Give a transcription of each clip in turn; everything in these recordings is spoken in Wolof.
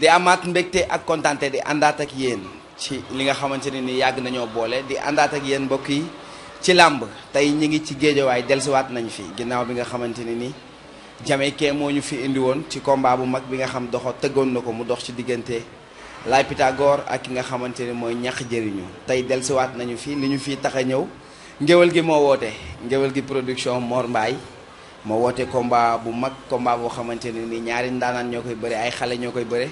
di amaat mbégte ak kontante di àndaat ak yéen ci li nga xamante ne ni yàgg nañoo boole di àndaat ak yéen mbokk yi ci làmb tey ñi ngi ci géejawaay dellusiwaat nañu fi ginnaaw bi nga xamante ne ni Jamaïcain moo ñu fi indi woon ci combat bu mag bi nga xam doxo tëggoon na ko mu dox ci diggante Laye Pythagore ak ki nga xamante ni mooy ñax jëriñu tey delsiwaat nañu fi li ñu fi tax a ñëw ngéwél gi moo woote ngéwél gi production moor Mbaye moo woote komba bu mag combat boo xamante ne ni ñaari ndaanaan ñoo koy bëre ay xale ñoo koy bëre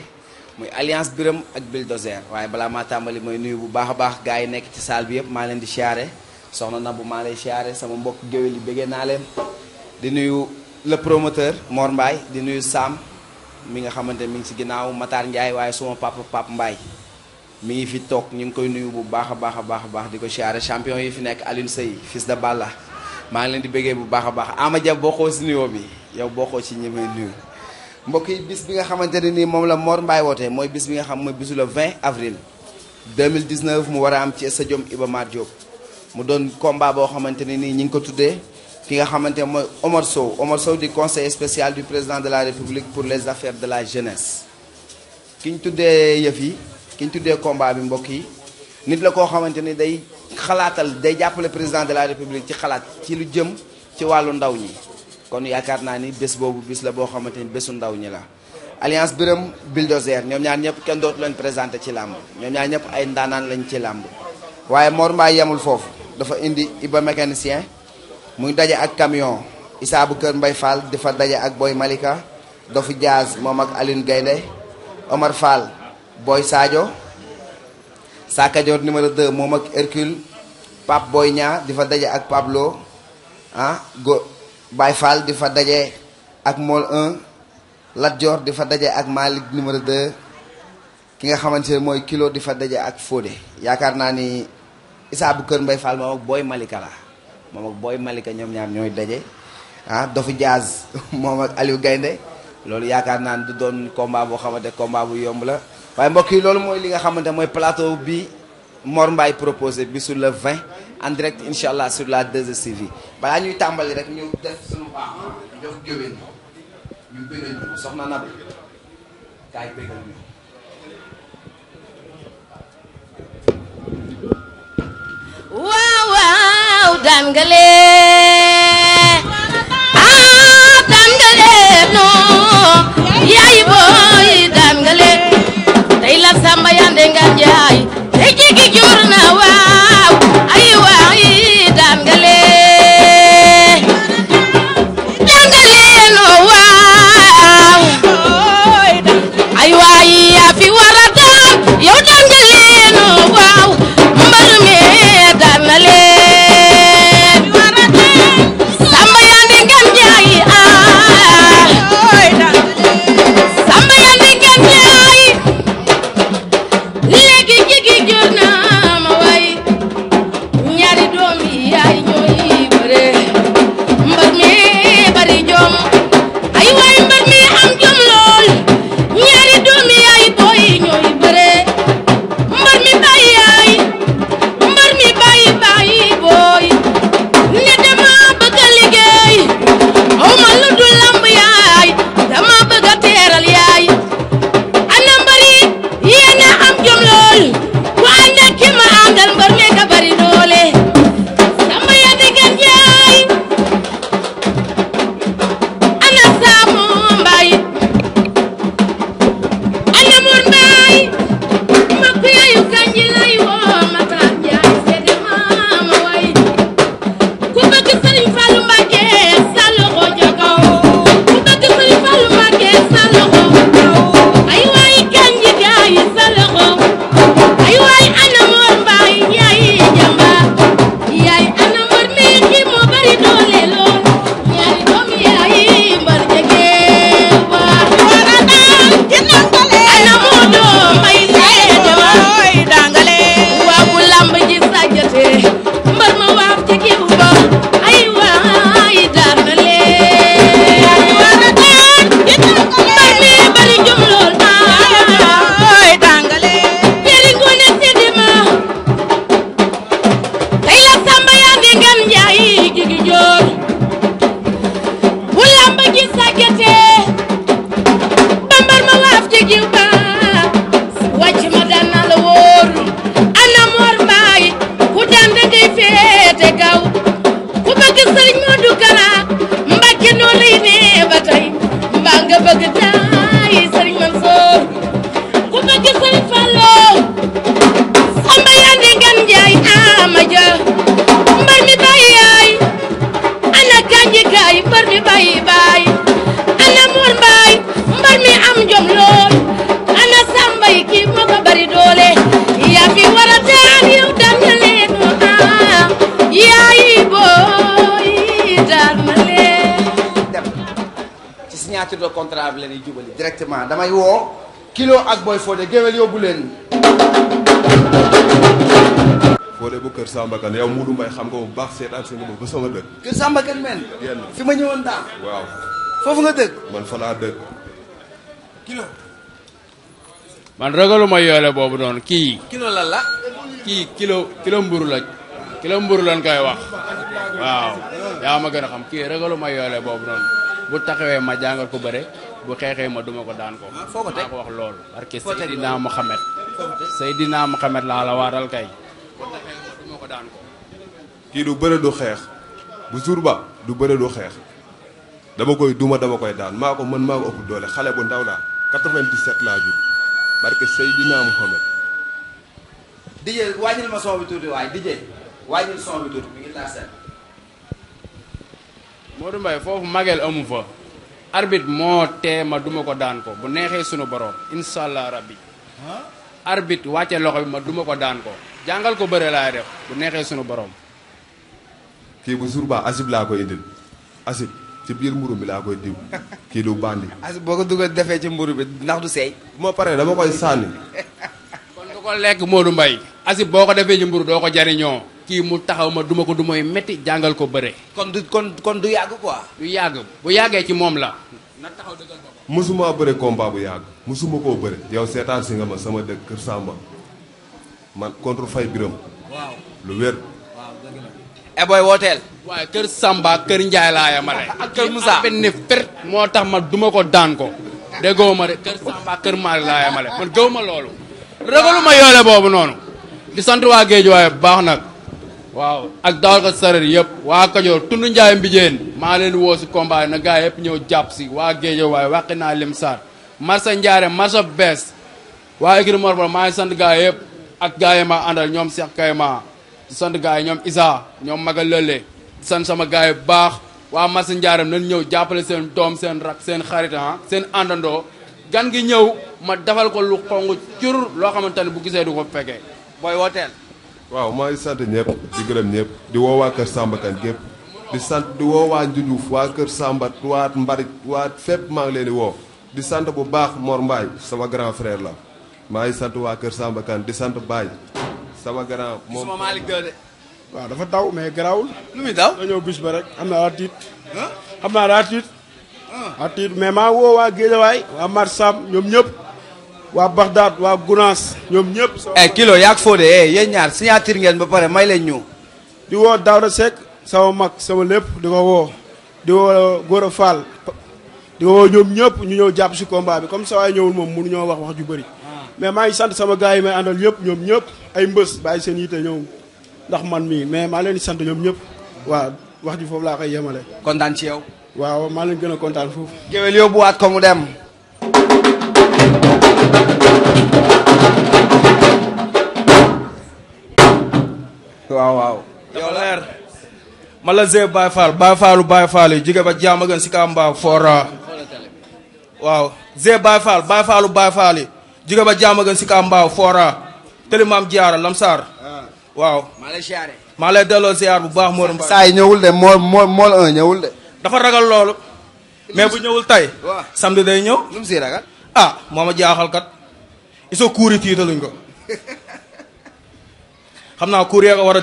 muy alliance biram ak bulldozer waaye balaa maa tàmbali mooy nuyu bu baax a baax gars yi nekk ci salle bi yëpp maa leen di siyaare soxna na bu maa lay siyaare sama mbokk géwél yi bëggee naa leen di nuyu le promoteur Mor mbaay di nuyu Sam mi nga xamante mi ngi ci ginnaaw Matar Ndiaye waaye suma pap pap mbaay mi ngi fi toog ñu ngi koy nuyu bu baax a baax a baax a baax di ko siyaare champion yi fi nekk Alioune Seye fils de Balla maa ngi leen di bëggee bu baax a baax Ama Dia bokkoo ci nuyoo bi yow bokkoo ci ñi may mbokk yi bis bi nga xamante ne nii moom la Mor Mbaye wootee mooy bis bi nga xam mooy bisu le 20 avril 2019 mu war a am ci stadium Iba Mar Diop mu doon combat boo xamante ne nii ñi ngi ko tuddee ki nga xamante mooy Omar Sow Omar Sow di conseil spécial du président de la République pour les affaires de la jeunesse ki ñu tuddee yëf yi ki ñu tuddee combat bi mbokk yi nit la koo xamante ni day xalaatal day jàppale président de la République ci xalaat ci lu jëm ci wàllu ndaw ñi kon yaakaar naa ni bes bobu bis la bo xamanteni besu ndaw ñi la alliance beureum bulldozer ñom ñaar ñep kenn doot lañu présenter ci lamb ñom ñaar ñep ay ndanan lañ ci lamb waye Mor Mbaye yamul fofu dafa indi Iba mécanicien muy dajé ak camion isa bu keur Mbay Fall difa dajé ak Boy Malika Dofu jazz mom ak Aline gayne Omar Fall Boy Sadio jor numéro 2 momak ak Hercule pap Boy nya difa dajé ak Pablo ah go baay Fall difa daje ak Mool 1 Lat Dior di fa daje ak Malick numéro 2 ki nga xamante ne mooy kilo di fa daje ak Fodé yaakaar naa ni Issa Kër mbay Fall moom ak Boy Malika la moom ak Boy Malika ñoom ñaar ñooy daje ah Dofu Diaz moom ak Aliou Gaynde loolu yaakaar naa ni du doon combat boo xamante combat bu yomb la waaye mbokk yi loolu mooy li nga xamante mooy plateau bi Mor mbaay proposé bi sur le 20. en direct incha allah sur la 2STV balaa ñuy tàmbali rek ñu def suñu baax féete kaw ku bëgg sëriñ Modou Kara Mbàkke noonu lay nee ba tey mbaa nga bëgg taay sëriñ Mansour ku bëgg sëriñ Fallou Samba Yande Ngan Njaay Ama Ja mbër mi bàyyi yaay ana kanji kaay mbër mi bàyyi ba signature de contrat bi leen jubali directement damay wo kilo ak boy Fodé géwél yóbbu len Fodé bu Kër Sambakan yow Modou mbay xam nga bu baax sét ak nga bu sama dëkk. Kër Sambakan men. fi ma waaw. fofu nga dëkk. man fa la dëkk. kilo. man ragaluma yoole bobu noonu ki kilo la la. ki kilo kilo mburu la kilo mburu lan kay wax waaw ya ma gëna xam kii ragaluma yoole bobu non bu taxawee ma jàngal ko bëre bu xeexee ma duma ko daan ko. Ah, foo ko teg maa ko wax loolu. parce que Seydina Mohamed. Seydina Mohamed laa la waatal kay. ko daan ko. kii du bëre du xeex bu suur ba du bëre xeex dama koy duma dama koy daan maa ko mën maa ko ëpp doole xale bu ndaw laa 97 laa jur barke Seydina Mohamed. DJ wàññil ma son bi tuuti waaye DJ wàññil son bi tuuti Modou mbay foofu magel amu fa arbitre moo tee ma duma ko daan ko bu neexee sunu boroom incha allah bi arbit wàcce loxo bi ma duma ko daan ko jàngal ko bëre laay def bu neexee sunu boroom kii bu suur baa asib laa koy indil asib ci biir mburu bi laa koy diw kii du bandi asib boo ko dugal defee ci mburu bi ndax du seey bu ma paree dama koy sànni kon nga ko lekk Modou mbay asib boo ko defee ci mburu doo ko jariñoo kii mu taxaw ma duma ko du mooy métti jàngal ko bëre. kon du kon kon du yàgg quoi. yàgg bu yàggee ci moom la. na taxaw dëggal boppam. mosuma bëre combat bu yàgg mosuma koo bëre. yow seetaan si nga ma sama dëkk Kër Samba man contre Fay Biram. waaw lu wér. waaw dëgg la. eh booy Kër Samba Kër Ndiaye laa yamale. ak Kër Moussa moo tax ma duma ko daan ko. déggoo ma de Kër Samba Kër Mari laa yamale man gëw ma loolu. ragaluma yoole boobu noonu. di sant waa Géejawaay bu baax nag. waaw ak dawal ko sareer yëpp waa Kajoor tund Njaay Mbijeen maa leen woo si combat na gaa yëpp ñëw jàpp si waa waaye wàqi naa lim saar marsa Njaare marsa bees waa écri mor maa ngi sant gaa yëpp ak gaa ma àndal ñoom Seex Kayma di sant gaa yi ñoom Isa ñoom Maga Lële sant sama gaa yi baax waa marsa Njaaram nañ ñëw jàppale seen doom seen rak seen xarit ah, seen àndandoo gan gi ñëw ma defal ko lu xong cur loo xamante ne bu gisee du ko fekkee booy wooteel waaw maa ngi sant ñëpp di gërëm ñëpp di woo waa Kër Samba Kane gépp di sant di woo waa Njuuf waa Kër Samba waat Mbarit waa fépp maa ngi leen di woo di sant bu baax Mor Mbaye sama grand frère la maa ngi sant waa Kër Samba Kane di sant Baye sama grand moom sama Malick de waaw dafa taw mais garaawul. lu muy daw dañoo bis ba rek am naa daa tiit. xam naa daa tiit. daa mais maa woo waa Géejawaay waa Mar Sam ñoom ñëpp. waa Bagdad waa Gunaas ñoom ñëpp. ay eh, kilo yaa ngi Fodé eh ñaar signature ngeen ba pare may leen ñu. di woo Daouda Seck sama mag sama lépp di ko woo di woo a Fall di ko woo ñoom ñëpp ñu ñëw jàpp si combat bi comme sa waay ñëwul moom mënuñoo wax wax ju bëri. Ah. mais maa ngi sant sama gars yi may àndal yëpp ñoom ñëpp ay mbës bàyyi seen yite ñëw ndax man mii mais maa leen di sant ñoom ñëpp waa wax ji foofu laa koy yemale. kontaan ci yow. waaw maa leen gën a kontaan foofu. géwél yóbbuwaat ko waaw waaw. yow leer ma la Zé Baye Fall Baye yi jigéen ba jaama gën si Kamba Fora. waaw Zé Baye Fall Baye Fallu Baye gën si Kamba Fora. Tëlimaam Diarra Lamsar. Ah. waaw maa lay siyaare. maa lay delloo ziar bu baax Mor Mbaye. saa yi ñëwul de mool mool mool ñëwul de. dafa ragal loolu. mais bu ñëwul tey. waaw samedi day ñëw. lu mu siy ragal. ah moo kuuri tiitaluñ ko. xamna ku courrier wara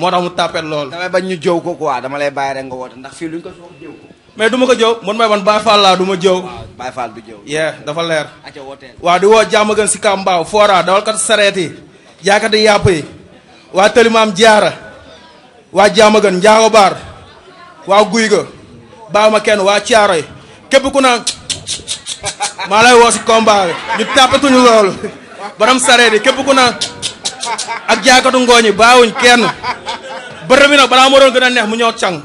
war mo tax mu tapet lol dama bañ ñu jow ko quoi dama lay bàyyi rek nga woote ndax fi luñ ko soog jëw ko mais duma ko jow mon may ban Baye Fall la duma jow Baye Fall du jow yeah dafa leer aca wooteel wa di wo jàmm gën ci kambaaw fora dawal kat sareti yi jaakati yàpp yi wa tëlimaam jaara wa jàmm gën jaago bar wa guuy ga baama kenn wa caaro yi képp ku na maa lay woo si combat tapatu ñu tàppatuñu borom sareet yi képp ku na ak jaakatu ngooñi baawuñ kenn bërëb bi nag balaa moo doon gën a neex mu ñëw càng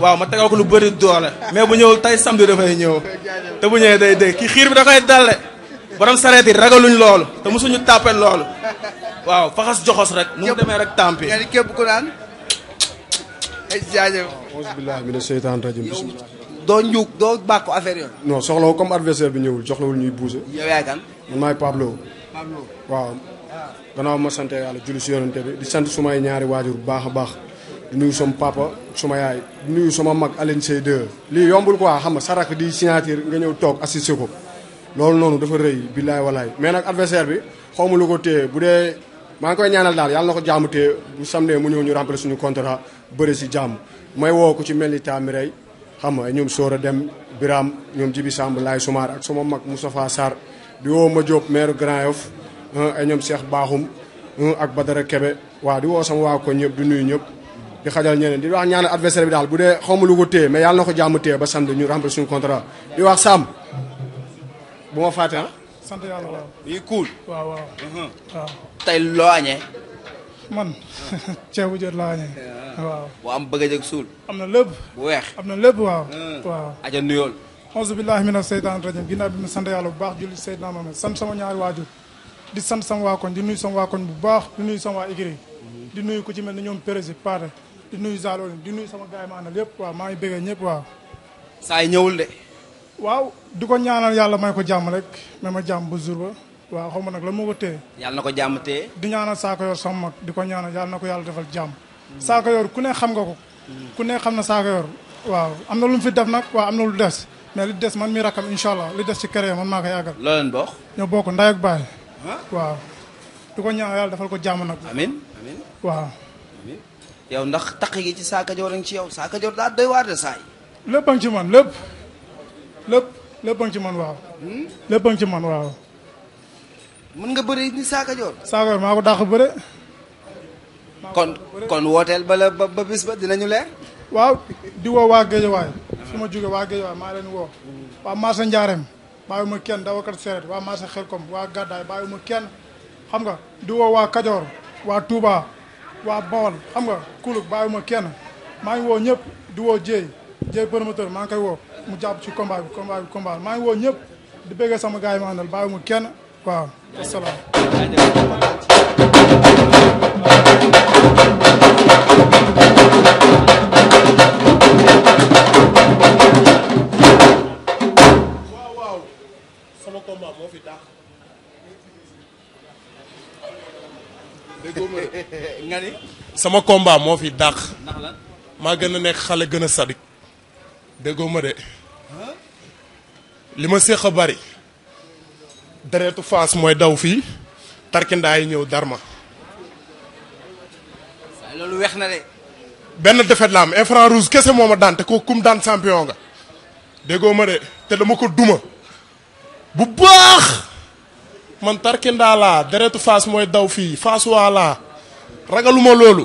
waaw ma tegal ko lu bëri doole mais bu ñëwul tey samedi dafay ñëw te bu ñëwee day dégg ki xiir bi da koy dalle borom sareet yi ragaluñ te mosuñu tàppee loolu waaw faxas joxos rek nu mu demee rek tàmpi képp ku naan jaajëf bismillah mina seytaan rajim bismillah doo njuug doo bàkku affaire yoon non soxlaw comme bi ñëwul soxlawul ñuy bousé yow yaay kan man Pablo waaw gannaaw ma sante yàlla julli si yonante bi di sant sumay ñaari waajur bu baax a baax di nuyu sama papa suma yaay di nuyu sama mag Alioune Seye 2 lii yombul quoi xam nga sarak di signature nga ñëw toog assisté ko loolu noonu dafa rëy billaay walaay mais nag adversaire bi xaw ma lu ko téye bu dee maa ngi koy ñaanal daal yàlla na ko jaamu téye bu mu ñëw ñu suñu contrat si jàmm may woo ku ci mel ni Tamirey xam nga ñoom Dem Biram ñoom Jibi Samb Laay Soumaré ak sama mag Moustapha di woo ma Diop maire Grand Yoff ay ñoom Cheikh Bakhoum ak Badara Kebe waaw di woo sama waa ko ñëpp di nuyu ñëpp di xajal ñeneen di wax ñaanal adversaire bi daal bu dee xaw ma lu ko téye mais yàlla na ko jàmm téye ba samedi ñu remplir suñu contrat di wax Sam bu sant yàlla waaw. yii cool. waaw waaw. Uh-huh. tey loo añee. man ceebu jën laa añee. waaw. bu am bëgg a am na lépp. na lépp waaw. Uh. waaw. auzu billahi mina seytaan rajim ginnaaw bi ma sant yàlla bu baax julli Seydina Mohamed sant sama ñaari waajur di sant sama waa waa koñ bu baax di nuyu sama waa igri di nuyu ci mel ne ñoom prési paate di nuyu zalooli di sama gaay maanal yëpp waaw maa ngi bëggee ñëpp waaw saa yi de waaw di ko ñaanal yàlla may ko jàmm rek ma jàmm ba jour xaw ma nag la moo ko téye yàlla na ko jàmm di ñaanal saako yor sama mag di ko ñaanal yàlla na ko yàlla defal jàmm saako yor ku ne xam nga ko mm. ku ne xam na saako yor waaw am na lu mu fi def nag waaw am na lu des mais li dess man mi rakam inshallah allah li dess ci kéré ya, man ma kay agal loo len bok ñu bok nday ak bay waaw du ko ñaan yalla dafal ko jamm nak amin amin waaw. yow ndax takki gi ci jor ngi ci yow saka jor da doy war de say lepp a ci man lepp lepp lepp a ci man waaw. Hmm? lepp ci man waaw. mën nga bëre ni saka jor saka jor mako dakh bëre. kon kon wooteel ba la ba bis ba dinañu leer. waaw di woo wa Géejawaay. fi ma jóge waa Géejawaay maa leen woo waa marché Ndiarème bàyyiwuma kenn dawakat seeret waa marché Xelkom waa Gàddaay bàyyiwuma kenn xam nga di woo waa Kajoor waa Touba waa Bawol xam nga kulub bàyyiwuma kenn maa ngi woo ñëpp di woo Jéy Jéy promoteur maa ngi koy woo mu jàpp ci combat bi combat maa ngi woo ñëpp di bëggee sama gars yi ma àndal bàyyiwuma kenn waaw combat moo sama combat moo fi dàq. ndax maa gën a nekk xale gën a sadik. déggoo ma de. li ma séq a bari. deretu faas mooy daw fii. tarkindaa yi ñëw darma. loolu weex na de. benn defet la am infra rouge kese moo ma daan te ko kum daan champion nga. déggoo ma de te dama ko duma. bu baax man tarkindaa laa deretu faas mooy daw fii faasuwaa laa ragaluma loolu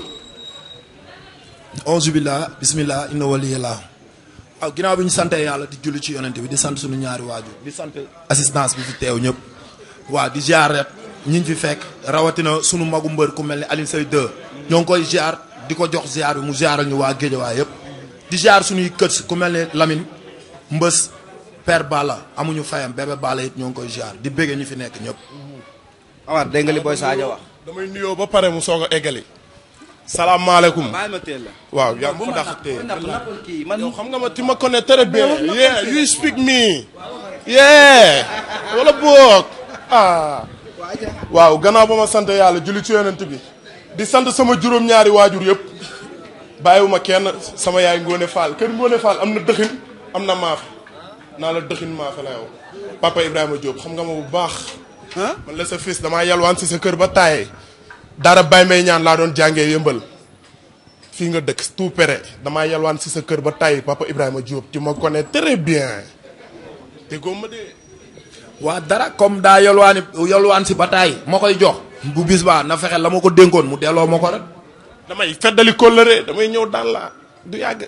onze billah bismillah inna waliyallah waaw ginnaaw bi ñu sante yàlla di julli ci yonente bi di sant suñu ñaari waajur di sant assistance bi fi teew ñëpp waa di ziar rek ñi ñu fi fekk rawatina sunu magu mbër ku mel ni Alioune Seye 2 ñoo ngi koy ziar di ko jox ziar bi mu ziaral ñu waa Géejawaay yëpp di ziar suñuy kët ku mel ni Lamine Mbës Père Balla amuñu fayam bébé Balla it ñoo ngi koy ziar di bëggee ñu fi nekk ñëpp. awaar dégg nga li wax. damay nuyoo ba pare mu soog a eggali. salaamaaleykum. waaw yaa ngi ko dàq tey. yow xam nga ma ma connais très bien. yeah you speak me. yeah wala boog. Ah. waaw gannaaw ba ma sant yàlla julli ci yonent bi. di sant sama juróom-ñaari waajur yëpp. bàyyiwuma kenn sama yaay Ngone Fall kër Ngone Fall am na dëxin am na maaf. naa la dëxin maa fa lay papa Ibrahima Diop xam nga ma bu baax. man la sa fils damaa yalwaan si sa kër ba taaye. daara bay may ñaan laa doon jàngee yëmbal. fii nga dëkk tout pere damaa yalwaan si sa kër ba taaye papa Ibrahima Diop ci ma connais très bien. te góob ma de. waa dara comme daa yalwaani yalwaan si ba taaye ma koy jox. bu bis baa na fexe la ma ko dénkoon mu delloo ma ko rek. damay feddali kóllëre damay ñëw daal la du yàgg.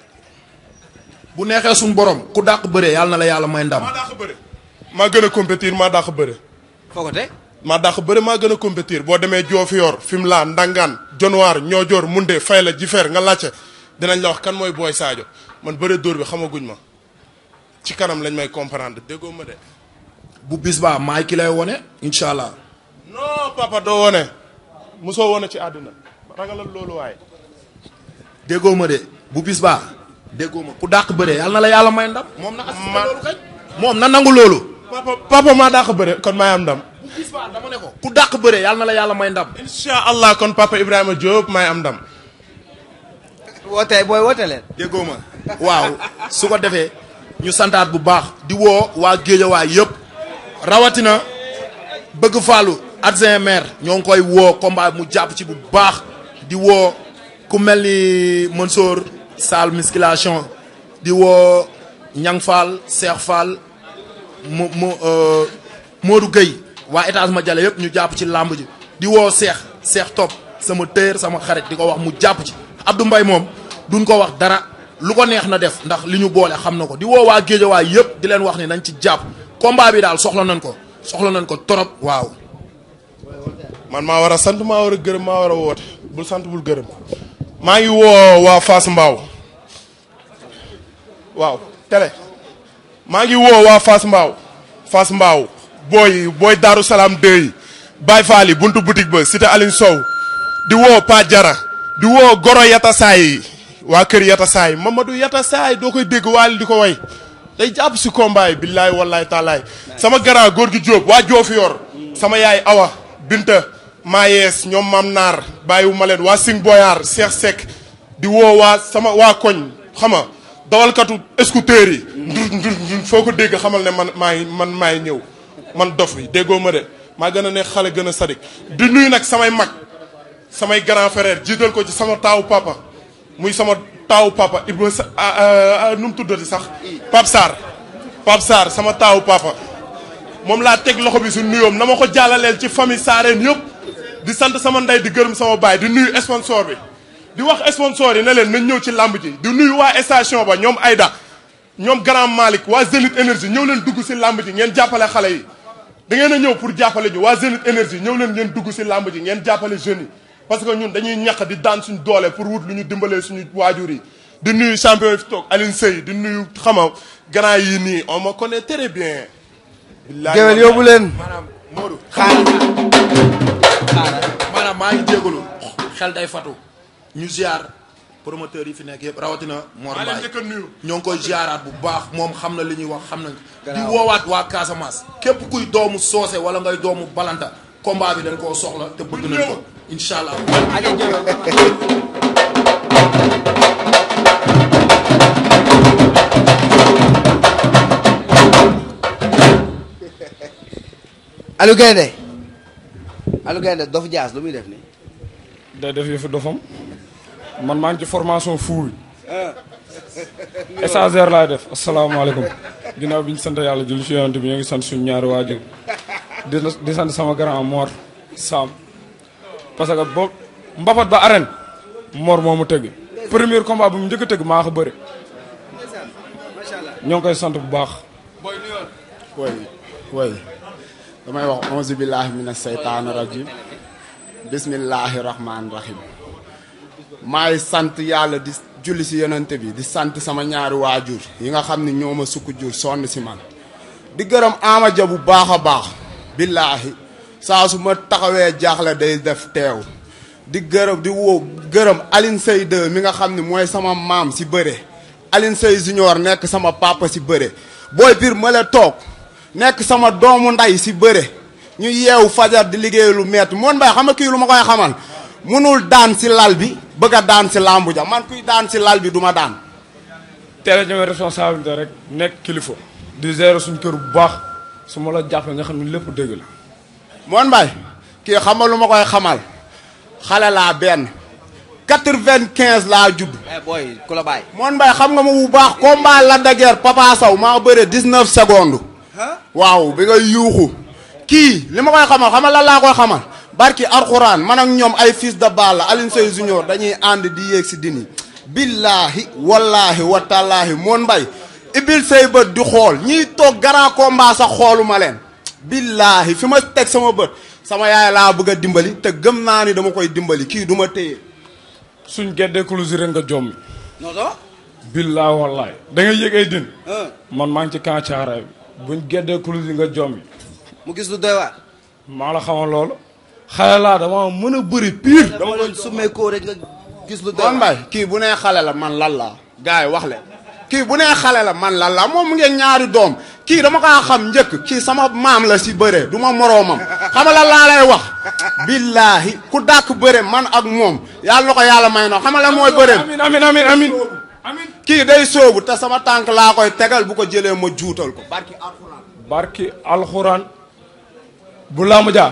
bu neexee suñu borom ku dàq bëre yàlla na la yàlla may ndam. maa dàq bëre. maa gën a compétir maa dàq bëre. foo ko teg. maa dàq bëre maa gën a compétir boo demee Diofior Fimela Ndangaan Dionewar Niodior Moundé Fayla Jifeer nga laajte dinañ la wax kan mooy booy Sadio man bëre dóor bi xamaguñ ma ci kanam lañ may comprendre déggoo ma de. bu bis baa maay ki lay wone incha allah. non papa doo wone mosoo wone ci àdduna ragalal loolu waaye. déggoo ma de bu bis baa. déggoo ma ku dàq bëree yàlla na la yàlla may ndam. moom na moom na nangu loolu. papa papa maa dàq bëre kon maay am ndam. bu ne ko. ku dàq bëree yàlla na la yàlla may ndam. incha allah kon papa Ibrahima Diop maay am ndam. wootee booy woote leen. déggoo ma waaw su ko defee ñu santaat bu baax di woo waa Géejawaay yëpp rawatina bëgg faalu adjoint maire ñoo ngi koy woo combat mu jàpp ci bu baax di woo ku mel ni Mansour salle musculation di woo Ñang Fall Seex Fall mu mu euh, Modou Gueye waa étage ma jale yëpp ñu jàpp ci làmb ji di woo Seex Seex Top sama téer sama xarit di ko wax mu jàpp ci Abdou mbay moom duñ ko wax dara lu ko neex na def ndax li ñu boole xam na ko di woo waa Géejawaay yëpp di leen wax ni nañ ci jàpp combat bi daal soxla nañ ko soxla nañ ko torop waaw. man maa war a sant maa war a gërëm maa war a woote bul sant bul gërëm. maa ngi woo waa Fass waaw télé maa ngi woo waa Fass Mbao Fass booy booy Daaru Salaam dëy Baye Fall yi buntu boutique ba cité Aline Sow di woo Pa Jara di woo Goro Yata yi waa kër Yata Saay Mamadou Yata Saay doo koy dégg waali di ko way day jàpp si combat yi billaay taalaay sama garaa góor gi Jóob waa Joofi yor sama yaay Awa Binta maa Mayees ñoom maam naar ma leen waa Sing Boyaar Cheikh Seck di woo waa sama waa koñ xam nga dawalkatu scooter yi. ndur ndur ndur foo ko dégg xamal ne man maay ñëw man dof yi déggoo ma de maa gën a ne xale gën a sadik di nuyu nag samay mag samay grand frère jiital ko ci sama taawu papa muy sama taawu papa Ibra sa ah, ah, nu mu sax Pape Sarr sama taawu papa moom laa teg loxo bi su nuyoom na ma ko jàllaleel ci famille Sareen yëpp. di sante sama nday di gërëm sama baay di nuyu sponsor bi di wax sponsor yi ne leen nañ ñëw ci lamb ji di nuyu waa station ba ñoom Aïda ñoom Grand malik waa Zenith énergie ñëw leen dugg si lamb ji ngeen jàppale xale yi da ngeen a ñëw pour jàppale ñu waa Zenith énergie ñëw leen ngeen dugg si lamb ji ngeen jàppale jeunes yi parce que ñun dañuy ñàkk di daan suñu doole pour wut lu ñu dimbalee suñu waajur yi di nuyu champion yi fi toog Alioune Seye di nuyu xama grand yi nii on me connaît très bien. géwél yóbbu leen. maanaam Modou xaaral maanaam maa ngi jégalu xel day fatu ñu ziar promoteur yi fi nekk yëpp rawatina Mor Mbaye ñoo koy ziaraat bu baax moom xam na li ñuy wax xam na di woowaat waa Casamance képp kuy doomu soose wala ngay doomu balanta combat bi dañ koo soxla te bëgg nañ ko incha allah Aliou Gaynde Aliou Gaynde dof jaas lu muy def nii. day def yëfu dofam man maa ngi ci formation fuul. stagiaire ah. laay def asalaamaaleykum. ginnaaw bi ñu sant yàlla julli ci bi ñu ngi sant suñu ñaari waajur di sant sama grand moor Sam parce que boo mbapat ba arène moor moo mu tëgg. premier combat bu mu njëkk a tëgg maa ko bëre. ñoo ngi koy sant bu baax. way way damay wax auzu billahi mina seytaani rajim bismillahi rahmaani rahim maay sant yàlla di julli si yonante bi di sant sama ñaari waajur yi nga xam ni ñoo ma sukk jur sonn si man di gërëm Ama bu baax a baax billaahi saa su ma taxawee jaaxle day def teew di gërëm di woo gërëm alin Seye 2 mi nga xam ni mooy sama maam si bëre Alioune Seye junior nekk sama papa si bëre booy pir ma la toog nekk sama doomu nday si bëre ñu yeewu fajar di liggéey lu metti moon bay xam nga ma koy xamal mënul daan si lal bi bëgg daan si làmbu ja daan si lal bi du daan teel a kilifa di bu baax su ma la jàppee nga xam lépp dëgg la lu ma koy xamal xale laa benn quatre-vingt-quinze la bàyyi. moon xam nga ma bu baax la de guerre Papa Sow maa bëre dix-neuf waaw bi ngay yuuxu kii li ma koy xamal xamal lan laa koy xamal barki alxuraan man ak ñoom ay fils de Balla Alioune Seye Junior dañuy ànd di yéeg si dini billaahi wallaahi watallaahi moon mbay ibil say bët di xool ñiy toog grand combat sax xooluma leen billaahi fi ma teg sama bët sama yaay laa bëgg a dimbali te gëm naa ni dama koy dimbali kii duma ma suñ gedde clôture nga jommi non billaahi wallaahi da ngay ay din man maa ngi ci kancaara bi buñ geddee kulus yi nga jombi mu gis lu doy waar ma la xamoon lool xale la dama mëna bëri pire dama doon sumé ko rek nga gis lu doy waar ki bu né xale la man lan la gaay wax le ki bu né xale la man lan la moom mu ngeen ñaari doom ki dama kaa xam ñëk ki sama maam la ci bëré duma moromam xam la la lay wax billahi ku dàq bëre man ak mom yàlla ko yàlla may na xama la moy bëré amin amin amin amin kii day soobu te sama tànk laa koy tegal bu ko jëlee ma juutal ko barki alxuraan barki alxuraan bu laamu jaa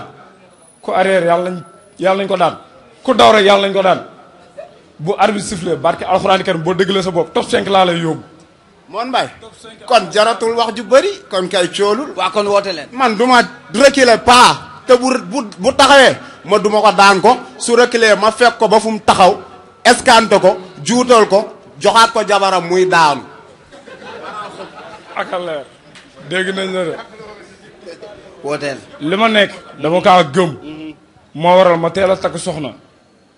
ku arrière yàlla lañ yàlla nañ ko daan ku daw rek yàlla lañ ko daan bu arbitre sifflé barki alxuraan karim boo déglee sa bopp top laa lay yóbbu moon mbay kon jaratul wax ju bari kon kay coolul waa kon woote leen man du ma reculer pas te bu bu bu taxawee ma du ma ko daan ko su reculer ma fekk ko ba fu mu taxaw escanté ko juutal ko joxaat ko jabaram muy daanu. ak leer dégg nañ la de. li ma nekk dama kaa gëm. moo waral ma teel a takk soxna.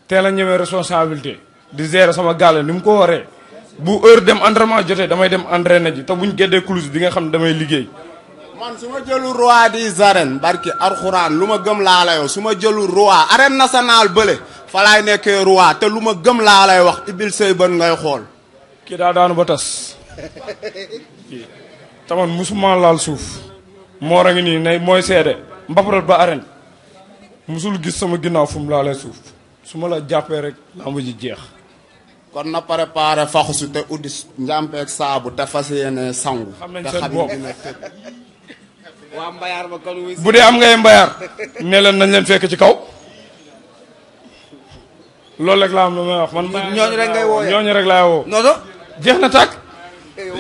teel a ñemee responsabilité. di gérer sama gàll ni mu ko waree. bu heure dem entraînement jotee damay dem entraîné ji te buñ géddee cluse bi nga xam ne damay liggéey. man su ma jëlu roi di arène barki alxuraan lu ma gëm laa la yow su ma jëlu roi arène nationale bële. fa laay nekkee roi te lu ma gëm laa lay wax ibil say bën ngay xool. kii daa daanu ba tas. taman musuma laal suuf. moo a ngi nii nay mooy seede. mbaparat ba aren musul gis sama ginnaaw fu mu laalee suuf su ma la jàppee rek lamb ji jeex. kon na préparé faxusu te uddi njàmpeeg saabu te fas yéene sangu. xam nañ seen bopp waa ba kon bu dee am ngay mbayaar. ne leen nañ leen fekk ci kaw. loolu rek laa wax man. ñooñu rek ngay woo ñooñu rek laa woo. non non jeex na tàkk. Eh,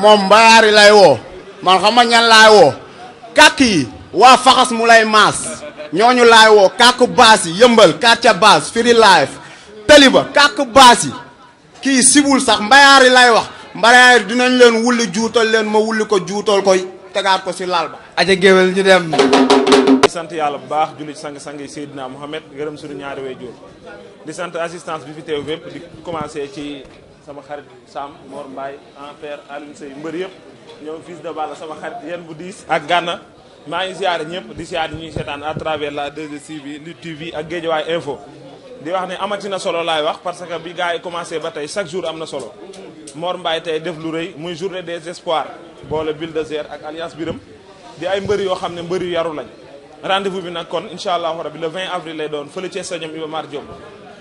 moom mbayaari lay woo. man xam nga ñan laay woo. kàkk yi waa faxas mu lay maas. ñooñu laay woo kàkk baas yi yëmbal kàcca baas firi life taliba kàkk baas yi kii sibul sax mbayaari lay wax mbayaari dinañ leen wulli juutal leen ma wulli ko juutal koy. tegaat ko si laal ba aja géwél ñu dem sant yàlla bu baax julli sang-sang yi Seydina Mohamed gërëm suñu ñaari way jóor di sant assistance bi fi teew bépp di commencé ci sama xarit Sam Mor mbaay en père Alioune Seye mbër yëpp ñoom fils de Balla sama xarit yéen bu diis ak gànna maa ngi ziare ñëpp di ziare ñuy seetaan à travers la 2STV Lutte TV ak Guédiawaye info di wax ne amati na solo laay wax parce que bi gars yi commencé ba tey chaque jour am na solo Mor Mbaye tey def lu rëy muy journée des espoirs boole Bulldozer ak Alliance Birame di ay mbër yoo xam ne mbër yu yaru lañ rendez-vous bi nag kon incha allahu rabi le 20 avril lay doon fële ca stadium Iba Mar Diop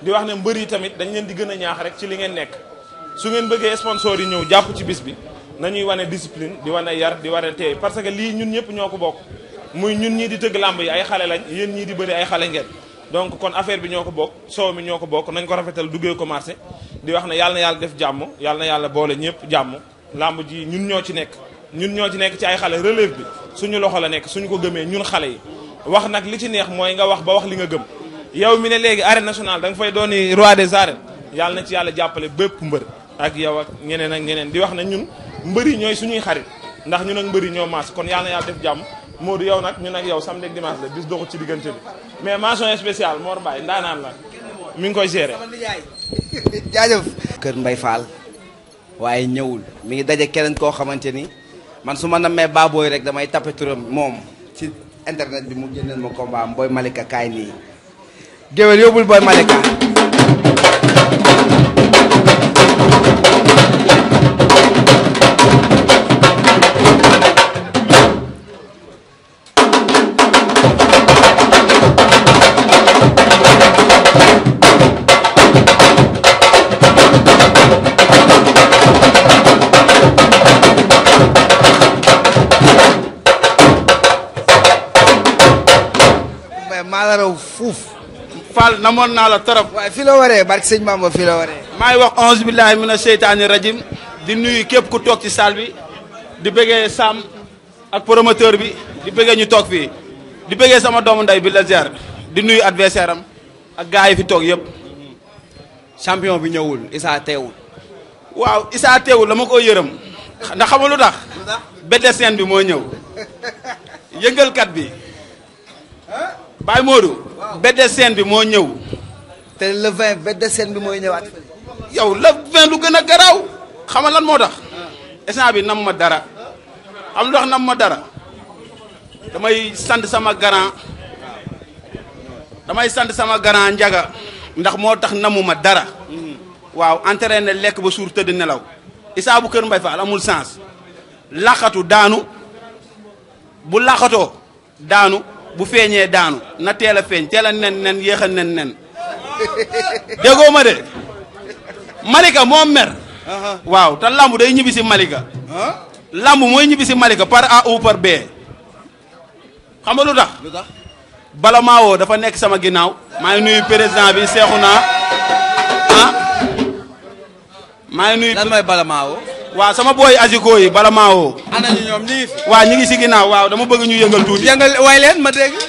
di wax ne mbër yi tamit dañ leen di gën a ñaax rek ci li ngeen nekk su ngeen bëggee sponsor yi ñëw jàpp ci bis bi nañuy wane discipline di wane yar di wane teey parce que lii ñun ñëpp ñoo ko bokk muy ñun ñii di tëgg làmb yi ay xale lañ yéen ñii di bëri ay xale ngeen donc kon affaire bi ñoo ko bokk soow mi ñoo ko bokk nañ ko rafetal duggee ko di wax ne yàlla yàlla def jàmm yàlla yàlla boole ñëpp jàmm làmb ji ñun ñoo ci nekk ñun ñoo ci nekk ci ay xale relève bi suñu loxo la nekk suñu ko gëmee ñun xale yi wax nag li ci neex mooy nga wax ba wax li nga gëm yow mi ne léegi arène national da nga fay dooni roi des arènes yàlla na ci yàlla jàppale bépp mbër ak yow ak ñeneen ak ñeneen di wax na ñun mbër yi ñooy suñuy xarit ndax ñun ak mbër yi ñoo mas kon yàlla na yàlla def jàmm Modou yow nag ñun ak yow samedi ak dimanche la bis doxut ci diggante bi mais mention spéciale moor Mbaye ndaanaan la mi ngi koy gérer. jaajëf. Kër Mbaye Fall waaye ñëwul mi ngi daje keneen koo xamante ni. man su ma namee baabooy rek damay tapé turam moom ci internet bi mu génneel ma combat am booy Malika kaay nii géwél yóbbul booy Malika Fall namoon naa la torop waaye la waree barke sëñ Bamba fi la waree maa ngi wax onze billahi a seytaani rajim di nuyu képp ku toog ci salle bi di bëggee Sam ak promoteur bi di bëggee ñu toog fii di bëggee sama doomu nday bi la ziar di nuyu adversaire am ak gars yi fi toog yëpp champion bi ñëwul Issa teewul waaw Issa teewul dama ko yërëm ndax xamu lu tax bédeseen bi moo ñëw yëngalkat bi Baye Modou. be seen bi moo ñëw. te le 20 bedde bi mooy ñëwaat. yow le lu gën a garaaw. xam a lan moo tax. instant bi nam ma dara. am lu tax nam ma dara. damay sant sama garant damay sant sama garant njaga ndax moo tax ma dara. waaw entraîné lekk ba suur tëdd nelaw. isaa bu kër mbay faal amul sens. laqatu daanu bu laqatoo daanu. bu feeñee daanu na teel a feeñ teel a nen nen yéex a nen nen déggoo de Malika moo mer. waaw te lamb day ñibbisi si Malika. lamb mooy ñibbisi si Malika par A ou par B. xam lu tax. lu dafa nekk sama ginnaaw. maa ngi nuyu président bi seexu naa ah. maa ngi nuyu waaw sama booy aziko yi bala maa woo. ana ñu ñoom ñu ngi fi. si ginnaaw waaw dama bëgg ñu yëngal tuuti. yëngal way ma dégg.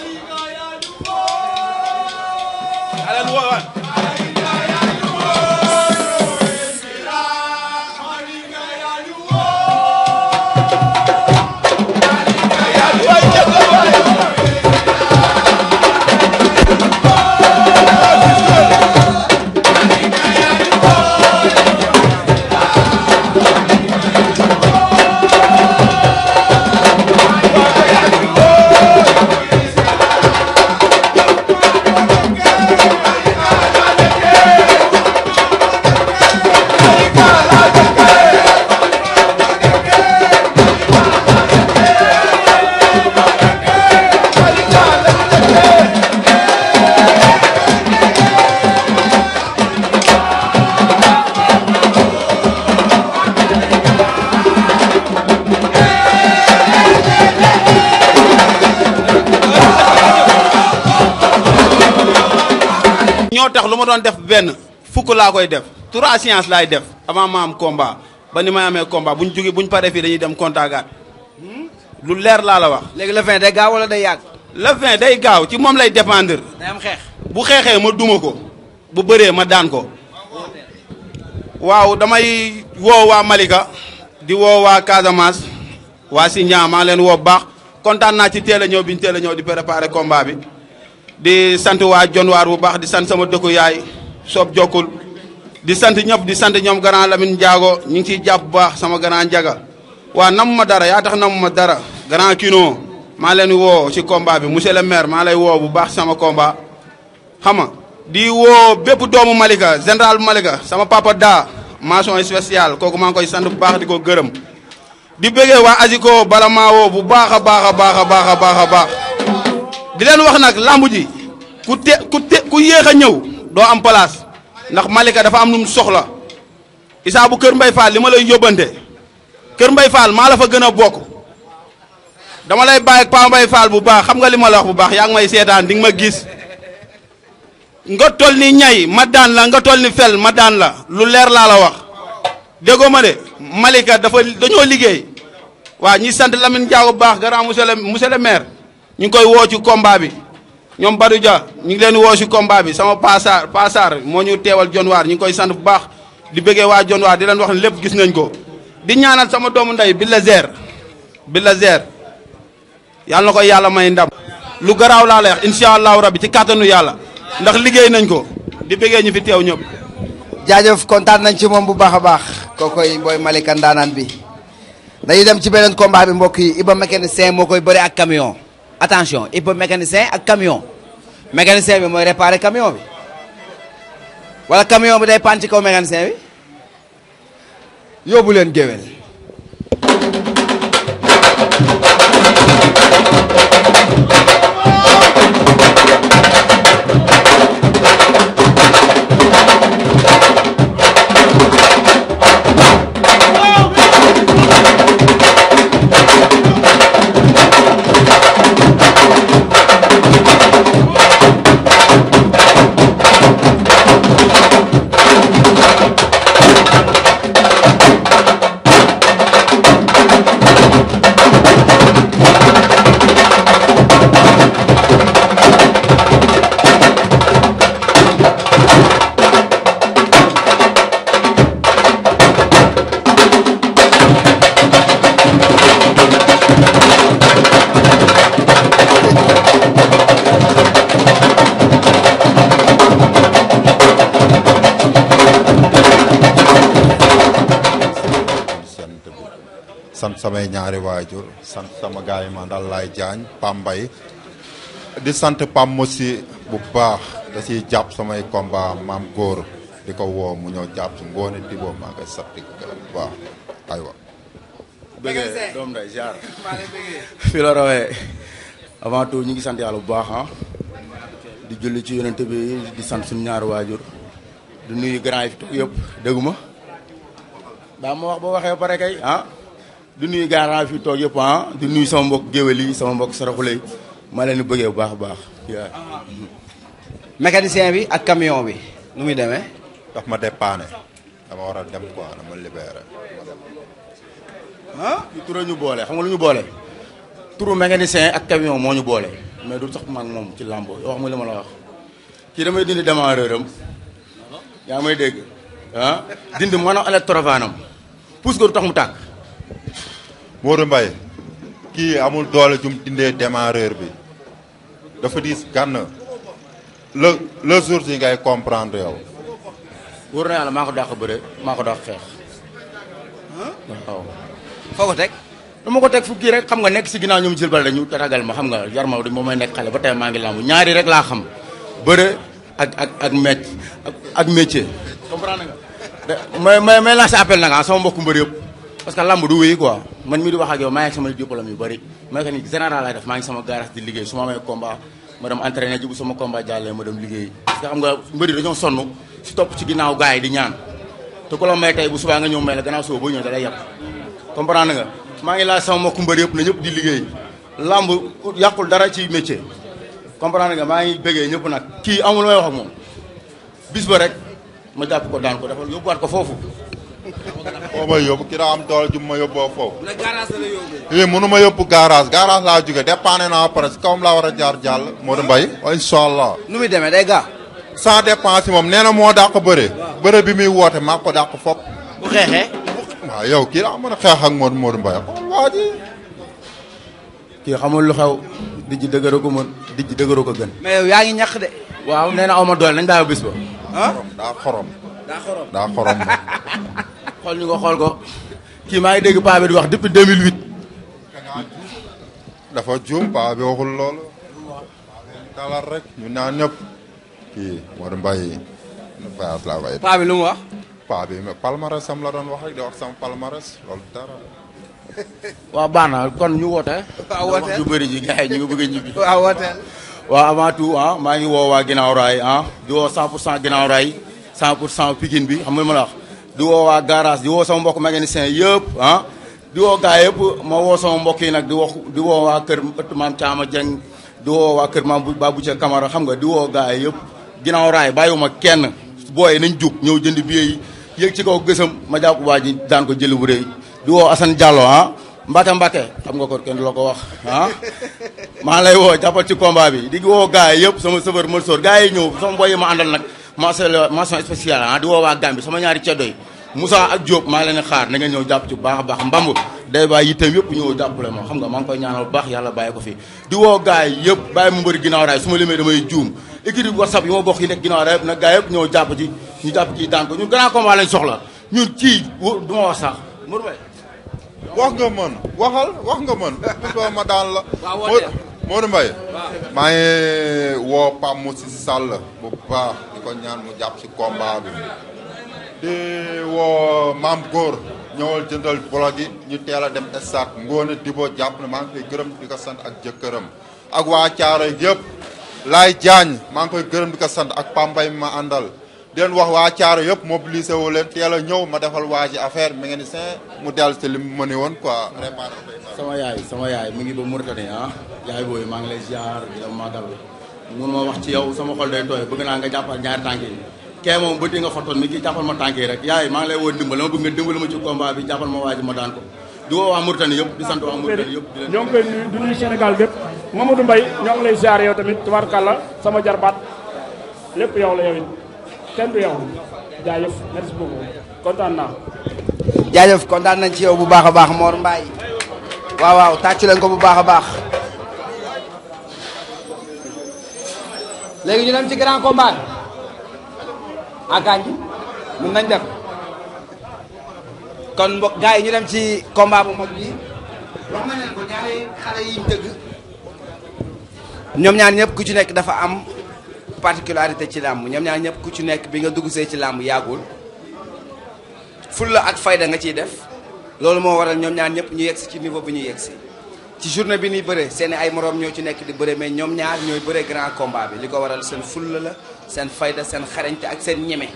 tax lu ma doon def benn fukk laa koy def trois séances laay def avant maam komba ba ni may amee combat bu ñu jógee bu ñu paree fii dañuy dem kontaagaat hmm? lu leer laa la wax. léegi le vin day gaaw wala day yàgg. le vin day gaaw ci moom lay dépendre. xeex bu xeexee ma duma ko bu bëree ma daan ko. waaw damay woo waa Malika di woo waa Casamance waa Sindian maa leen woo baax kontaan naa ci teel a ñëw bi ñu teel ñëw di préparer combat bi. di sant waa war bu baax di sant sama yai yaay sop jokul di sant ñëpp di sant ñom grand Lamine jago ñi ci japp sama grand jaga wa nam ma dara ya tax nam ma dara grand Kino ma len wo ci combat bi monsieur le maire ma lay wo bu baax sama combat xama di wo bepp doomu Malika general Malika sama papa da mention spéciale kooku maa ngi koy sant bu baax di ko di bëggé wa Aziko bala maa bu baaxa baaxa baaxa baaxa baaxa di leen wax nak lamb ji ku ku ku yéex ñew do am place nak Malika dafa am num soxla isa bu keur Mbay Fall lima lay yobante keur Mbay Fall maa la fa gëna a bokk dama lay baye Pa Mbay Fall bu baax xam nga lima la wax bu baax ya ngi may seetaan di nga ma gis nga toll ni ñay ma daan la nga toll ni fel ma daan la lu leer la la wax dego ma de Malika dafa dañu liggey wa ñi sante Lamine Diaw bu baax grand monsieur le monsieur le maire ñu koy wo ci combat bi ñom Badou Dia ñu ngi leen wo ci combat bi sama passar passar mo ñu téwal jonne war ñu koy sant bu baax di bëggé wa jonne war di leen wax ne lépp gis nañ ko di ñaanal sama doomu nday bi laser bi laser yalla nako yalla may ndam lu graw la lay inshallah rabbi ci katanu yalla ndax liggéey nañ ko di bëggé ñu fi téw ñop jaajëf kontaan nañ ci mom bu baaxa baax kokoy boy malika ndaanaan bi dañu dem ci benen combat bi mbokk yi Iba mécanicien moo mokoy bari ak camion attention il mécanicien un camion Le mécanicien va réparer le camion Voilà le camion qui est paan ci Il mécanicien faut pas le gueule samay yang waajur wajur, sama gaay ma daal laay pambay di sante pam mosi bu baax da sama yang samay combat di kau woo mu ñëw jàpp su ngoone diboo maa ngay satti ko gërëm bu baax aywa bëggee doom day ziar fi la avant tout ngi bu baax ah. di julli ci yonente bi di sante suñu ñaari wajur di nuyu grand yi fi toog yëpp déggu ma daa wax ba pare kay ah di nuyu gaaraa fi toog yëpp ah di nuyu sama mbokk géwél yi sama mbokk saraxule ma leen di bëggee bu baax a baax. mécanicien bi ak kamiyon bi nu muy deme daf ma dépanné dama war a dem quoi a libéré. ah ñu boole xam nga lu ñu boole. turu mécanicien ak camion moo ñu boole. mais du sax maag moom ci làmbo yoo xam li ma la wax. kii damay dindi démarreur am yaa may dégg ah dindi maanaam électrovanam pousse ko du tax mu tàkk. Modou Mbaye kii amul doole jum dindee démarreur bi dafa diis gànn le le jour yi ngay comprendre yow. wóor na yàlla maa ko dàq bëre maa ko daax xeex. waaw. foo ko teg. dama ko teg fu kii rek xam nga nekk si ginnaaw ñoom jël bal ñu ragal ma xam nga yar ma moom may nekk xale ba tey maa ngi làmb ñaari rek laa xam. bëre ak ak ak métier ak métier. comprendre nga. mais mais mais lancer appel na nga ah, sama mbokku mbër yëpp. parce que lamb du wéy quoi man mi di wax ak yow ma ngi sama diplôme yu bëri mécanique général laay def ma ngi sama garage di liggéey suma may combat ma dem entraîné ji sama combat jàllee ma dem liggéey parce que xam nga mbeuri dañu sonu ci top ci ginaaw gaay di ñaan te ko la may tay bu suba nga ñew may la gannaaw soo boo ñëw da lay yapp comprendre nga ma ngi la sama mokku mbër yëpp na ñëpp di liggéey lamb yakul dara ci métier comprendre nga ma ngi bëggee ñëpp nak ki amul may wax ak mom bisbo rek ma japp ko daan ko defal yóbbuwaat ko fofu foo may yóbbu ki daa am doole ju ma yóbbu. yii mënu ma yóbbu garage garage laa jógee dépanné naa pare si kawam laa war a jaar jàll. Modou Mbaye incha allah. nu muy demee day gaa. sans dépense moom nee na moo dàq bëre. bëre bi muy woote maa ko dàq fop bu xeexee. waaw yow kii daa mën a xeex ak Modou Modou Mbaye xool waa ji. kii xamul lu xew. dijji dëgëru ko mën dijji dëgëru ko gën. mais yow yaa ngi ñàkk de. waaw nee aw ma doole nañ bàyyi bis ba. daa xorom. daa xorom daa xorom xool ñu ko xool ko kii maa ngi dégg paa di wax depuis 2008. dafa juum paa bi waxul loolu. dalal rek ñu naan ñëpp. kii Modou Mbaye. voyage laa koy. bi lu mu wax. paa bi mais palmarès sam la doon wax rek di wax sama palmarès loolu dara. waaw baax kon ñu woote. waaw woote wax ji ñu ngi bëgg ñibbi. waaw avant tout ah, maa ngi woo waa ginnaaw raay ah di woo 100 pour cent ginnaaw raay. 100 pigine bi xam nga ma wax du wo wa garage di wo sama mbokk mécanicien yëpp han ah. du wo gaa yëpp ma wo sama mbokk yi nak di wax di wo wa keur ëtt maam Caama Jeng du wo wa keur maam babu ci Camara xam nga du wo gaa yëpp ginaaw ray bayuma kenn boy nañ juk ñew jënd bi yi yéeg ci kaw gësam ma jàpp waaji daan ko jël wu reey du wo asan jallo han ah. Mbake Mbake xam nga ko kenn du ko wax han ah. ma lay wo jappal ci combat bi di wo gaa yëpp sama sëfër ma sor gaa yi ñew sama boy yi ma andal nak mention spéciale spesial di woo waa Gambie sama ñaari ceddo musa Moussa ak Diop maa leen xaar na ngeen ñëw jàpp ci baax baax mbamb day bàyyi xam nga ngi koy ñaanal bu baax yàlla bàyyi ko fi di woo gars yi yëpp bàyyi mu mbëri ginnaaw raay su ma limee damay juum équipe whatsapp yi ma bokk yi nekk ginnaaw raay nag gars yëpp ñëw jàpp ci ñu jàpp ci daan ko grand combat lañ soxla ñun ci duma wax sax wax nga mën waxal wax nga mën eh, bu ma daan la. Modou Mbaye maa ngi woo Pape Moussi Sall bu baax di ko ñaan mu jàpp si combat bi di woo maam góor ñëwal jëndal bloc yi ñu teel a dem stade ngoone Dibo jàpp ne maa ngi koy gërëm di ko sand ak jëkkëram ak waa Caaroy yëpp laay jaañ maa ngi koy gërëm di ka sant ak Pambay ma àndal di leen wax waa caaro yëpp mobilisé wu leen teel a ñëw ma defal waa ji affaire mécanicien mu dellu ci li mu mënee woon quoi. sama yaay sama yaay mu ngi ba Mauritanie ah yaay booy maa ngi lay ziar di la màggal mënu ma sama xol day tooy bëgg naa nga jàppal ma tànk yi maa ngi lay woo dimbal ma bëgg nga dimbali ma ci combat bi jàppal ma waa ma daan ko di woo waa Mauritanie yëpp di sant waa Mauritanie yëpp di ñoo ngi koy nuyu du nuyu Sénégal gépp Mamadou Mbaye ñoo ngi lay ziar yow tamit tubaarkàlla sama jarbaat lépp yow la yow kenn du yow jaajëf merci beaucoup kontaan naa. jaajëf kontaan nañ ci yow bu baax a baax Mor Mbaye waaw waaw tàccu leen ko bu baax a baax. léegi ñu dem ci grand combat bi akañ nañ def kon mbokk gars yi ñu dem ci combat bu mag bi wax na leen ko ñaari xale yi ñu tëgg ñoom ñaar ñëpp ku ci nekk dafa am. particularité ci làmb ñoom ñaar ñëpp ku ci nekk bi nga dugg see ci làmb yàggul fulla ak fayda nga ciy def loolu moo waral ñoom ñaar ñëpp ñu yegsi ci niveau bi ñu yegsi ci bi ñuy bëree seen ay moroom ñoo ci nekk di bëre mais ñoom ñaar ñooy bëre grand combat bi ko waral seen fulla la seen fayda seen xarañte ak seen ñeme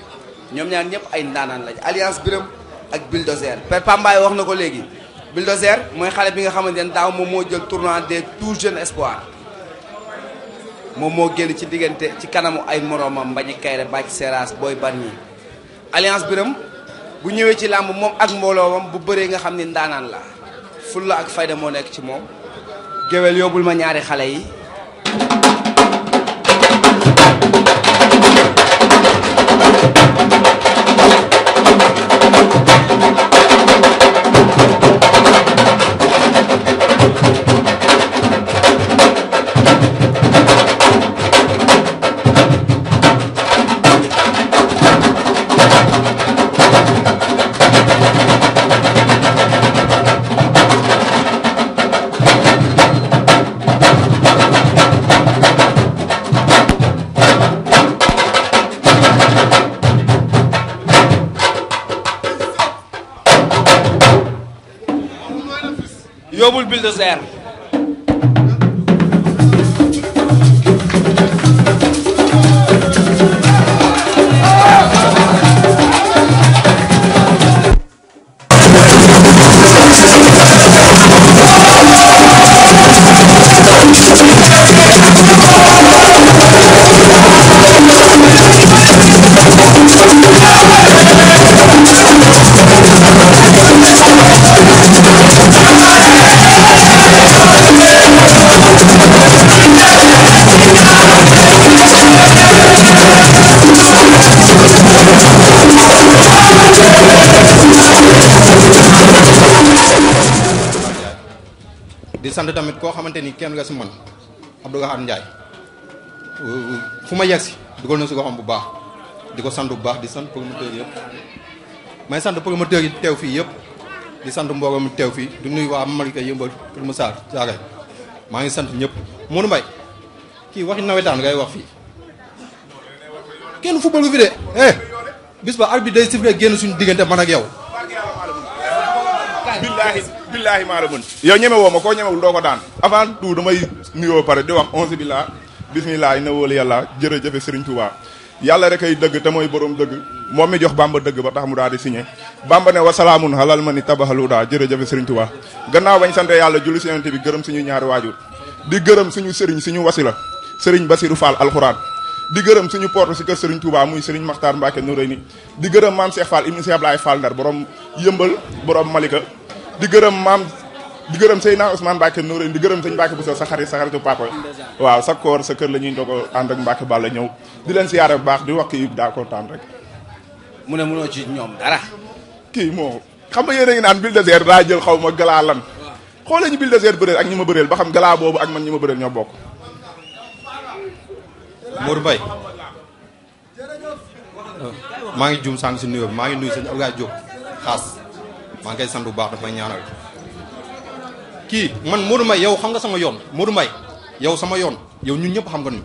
ñoom ñaar ñëpp ay ndaanaan lañ alliance Birame ak Bulldozer Père Pambaay wax na ko léegi Bulldozer mooy xale bi nga xamante ne daaw moom moo jël tournoi des tout jeunes espoirs moom moo génn ci diggante ci kanamu ay moroomam Mbañi Kayre seraas booy Boy Bargny alliance biram bu ñëwee ci làmb moom ak mbooloowam bu bëree nga xam ni ndaanaan la fulla ak fayda moo nekk ci moom géwél yóbbul ma ñaari xale yi build builders there. di sant tamit ko xamanteni kenn nga si man Abdou Gahar ndjay fuma ma dugol si dugal na si goxam bu baax diko ko sant bu baax di sant promoteur yeb may sant promoteur yi tew fi yeb di sant mbogam tew fi du nuy wa Malika yëmbal Kër Massar Thiaroye ma ngi sant ñep monu Mbaye ki waxi nawetaan ngay wax fi kenn football fi de eh bisba arbitre day sifflé genn suñu digënté man ak yow billaahi billaahi maa la mën yow ñeme woo ma koo ñemewul doo ko daan avant tout damay nuyoo pare di wax onze billah bismillah na wóolu yàlla jërëjëfe Serigne Touba yàlla rek ay dëgg te mooy borom dëgg moom mi jox bamba dëgg ba tax mu daal di signé bamba ne wasalaamun xalal ma ni tabaxaludaa jërëjëfe Serigne Touba gannaaw bañ sante yàlla julli si yonent bi gërëm suñu ñaari waajur di gërëm suñu sëriñ suñu wasila sëriñ Basiru Fall alxuraan di gërëm suñu porte si kër Serigne Touba muy Serigne Maxtaar Mbacke Noreyni di gërëm maam Cheikh Fall ibnu Cheikh Ablaye borom yëmbal borom Malika di gërëm maam di gërëm Seydina Ousmane Mbacke Nourène di gërëm sëñ Mbacke Bousso sa xarit sa xaritu papa waaw sa koor sa kër la ñuy ndogo ànd ak Mbacke Balla ñëw di leen siyaare bu baax di wax kii daa kontaan rek mu ne mënoo ci ñoom dara kii moo xam nga yéen a ngi naan Bulldozer daa jël xaw ma galaa lan xoolee ñu Bulldozer bëreel ak ñu ma bëreel ba xam galaa boobu ak man ñi ma bëreel ñoo bokk Mour Mbaye maa ngi juum sànq si nuyoo bi maa ngi nuyu sëñ Abdoulaye Diop xaas ma ngay sant bu baax dafa ñaanal ki man Modou Mbaye yow xam nga sama yoon Modou yow sama yoon yow ñun ñëpp xam nga ñu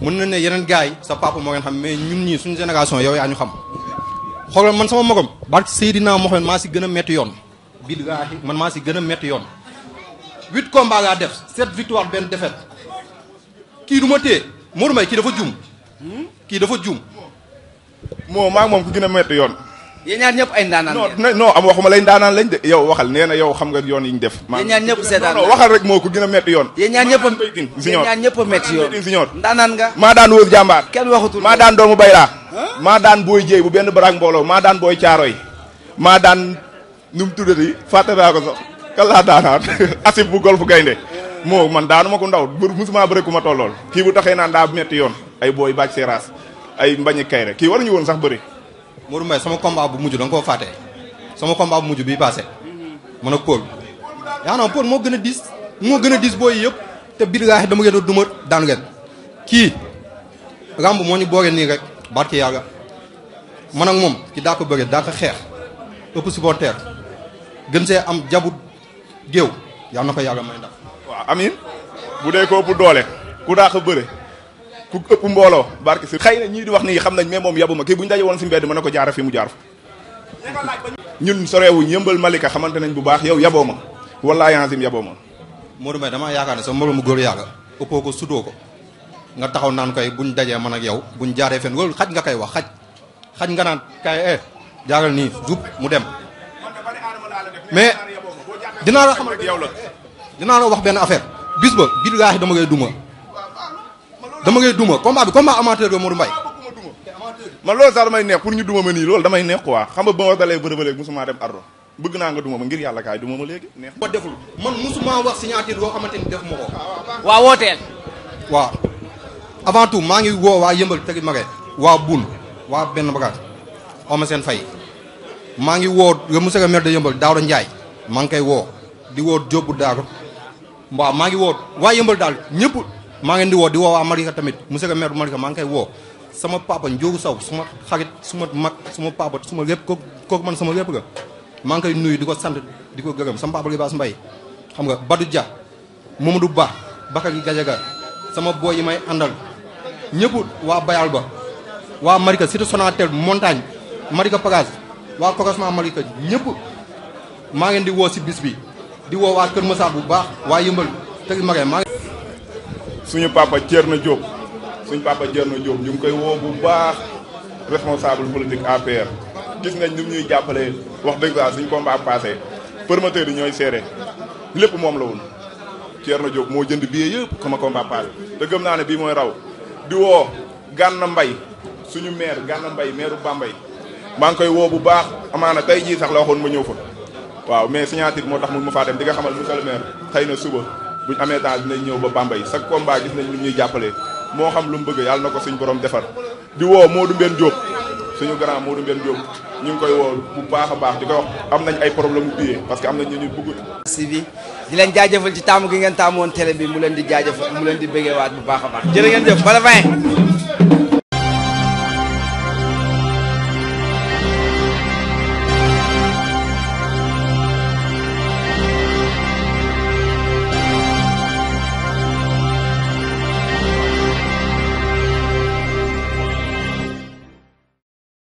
mën na ne yeneen gaay sa papa mo ngeen xam mais ñun ñi suñu génération yow ya ñu xam xol man sama magam barki sayidina mohammed ma ci gëna metti yoon billaahi man ma ci gëna metti yoon huit combat la def sept victoire ben défaite Ki duma té téye Modou ki dafa juum hmm? ki dafa juum moo maa mom ku gëna metti yoon yéen ñaar ñëpp ay ndaanaan non non am waxuma lay ndaanaan lañ de yow waxal nee na yow xam nga yoon yi ñu def yéen ñaar ñëpp seetaan non waxal rek moo ko gën a métti yoon yéen ñaar ñëpp yéen ñaar ñëpp a métti yoon siñor ndaanaan nga maa daan wóor jàmbaar maa daan doomu bay laa maa daan booy jéey bu benn baraag mbooloo maa daan booy caaro maa daan nu mu tuddati fàtte naa ko sax kan laa daanaat asib bu golf gaynde moo man daanuma ko ndaw bër musuma bëre ku ma tollool kii bu taxee naan daa metti yoon ay booy bàcc seeraas ay mbañi kay rek kii waruñu woon sax bëri Modou Mbaye sama combat bu mujj da nga koo fàtte sama combat bu mujj bii passé man ak Paul yaa non Paul moo gën a diis moo gën a diis booy yëpp te biir gaaxe dama gën a duma daanu ngeen kii ramb moo ñu boogee nii rek baat ki yàgga man ak moom ki daa ko bëggee daa ko xeex ëpp supporter gën see am jabu géew yàlla na ko yàgga may ndax waaw amin bu dee ko ëpp doole ku daa ko bëre ku ëpp mbooloo barke si xëy na ñii di wax nii xam nañ mais moom yabuma kii bu ñu daje woon si mbedd mën na ko jaara fi mu jaar fa ñun soreewuñ xamante nañ bu baax yow yaboo ma wallaahi azim yaboo ma Modou Mbaye damaa yaakaar ne sa moromu góor yàlla ëppoo ko sudoo ko nga taxaw naan koy buñ dajee man ak yow buñ jaaree fen loolu xaj nga koy wax xaj xaj nga naan kay eh jaaral nii mu dem mais dinaa la xamal yow la dinaa la wax benn affaire bis ba billaahi dama koy duma dama ngay duma combat bi combat amateur bi Modou Mbaye man loolu sax damay neex pour ñu duma ma nii loolu damay neex quoi xam nga ba ma dalee bërëb bëgg naa nga duma ma ngir yàlla kaay duma ma léegi neex ba deful man musuma wax signature boo xamante ni def ma ko waaw wooteel waaw avant tout maa ngi woo waa yëmbal tegi magee waa bun waa benn bagage oma seen fay maa ngi woo monsieur le maire de yëmbal Daouda Ndiaye maa ngi koy woo di woo Diop Daaro waaw maa ngi woo waa yëmbal daal ñëpp maa ngeen di wo di wo waa tamit monsieur le maire bu Malika maa ngi sama papa Ndiogu saw suma xarit suma mak suma papa suma lepp kooku kooku man sama lepp ga maa nuyu di sante diko di sama papa Libaas mbay xam nga badu Dia momadou Ba Bakary gajaga sama boy yi may andal ñepp wa Bayal ba wa Malika surtout Sonatel montagne Malika pagas wa Corosement Malika ñëpp maa ngeen di wo ci bis bi di wo wa keur massa bu baax wa Yëmbal tegg suñu papa na Diop suñu papa Thierno na ñu ngi koy woo bu baax responsable politique APR gis nañ ni mu ñuy jàppale wax dëgg saa suñu combat passé promoteur yi ñooy seere lépp moom la woon Thierno Diop moo jënd bi yëpp sama combat passé te gëm naa ne bii mooy raw di woo Gana mbay suñu meer maire Gana Mbaye maire Bambey maa ngi koy woo bu baax amaana tey jii sax la waxoon ma ñëw fa waaw mais signature moo tax mu ma faa dem di nga xamal monsieur le xëy na suba ñu amee temps dinañ ñëw ba Bambey sa combat gis nañ lu ñuy jàppale moo xam lu mu bëgg yàlla na ko suñ borom defar di woo Modou Mbène Diop suñu grand Modou Mbène Diop ñu ngi koy woo bu baax a baax di ko wax am nañ ay problème bu parce que am nañ ñu buggu bëgg. si bi di leen jaajëfal ci taamu gi ngeen taamu woon télé bi mu leen di jaajëfal mu leen di bëggeewaat bu baaxa baax jërë ngeen jëf bala fin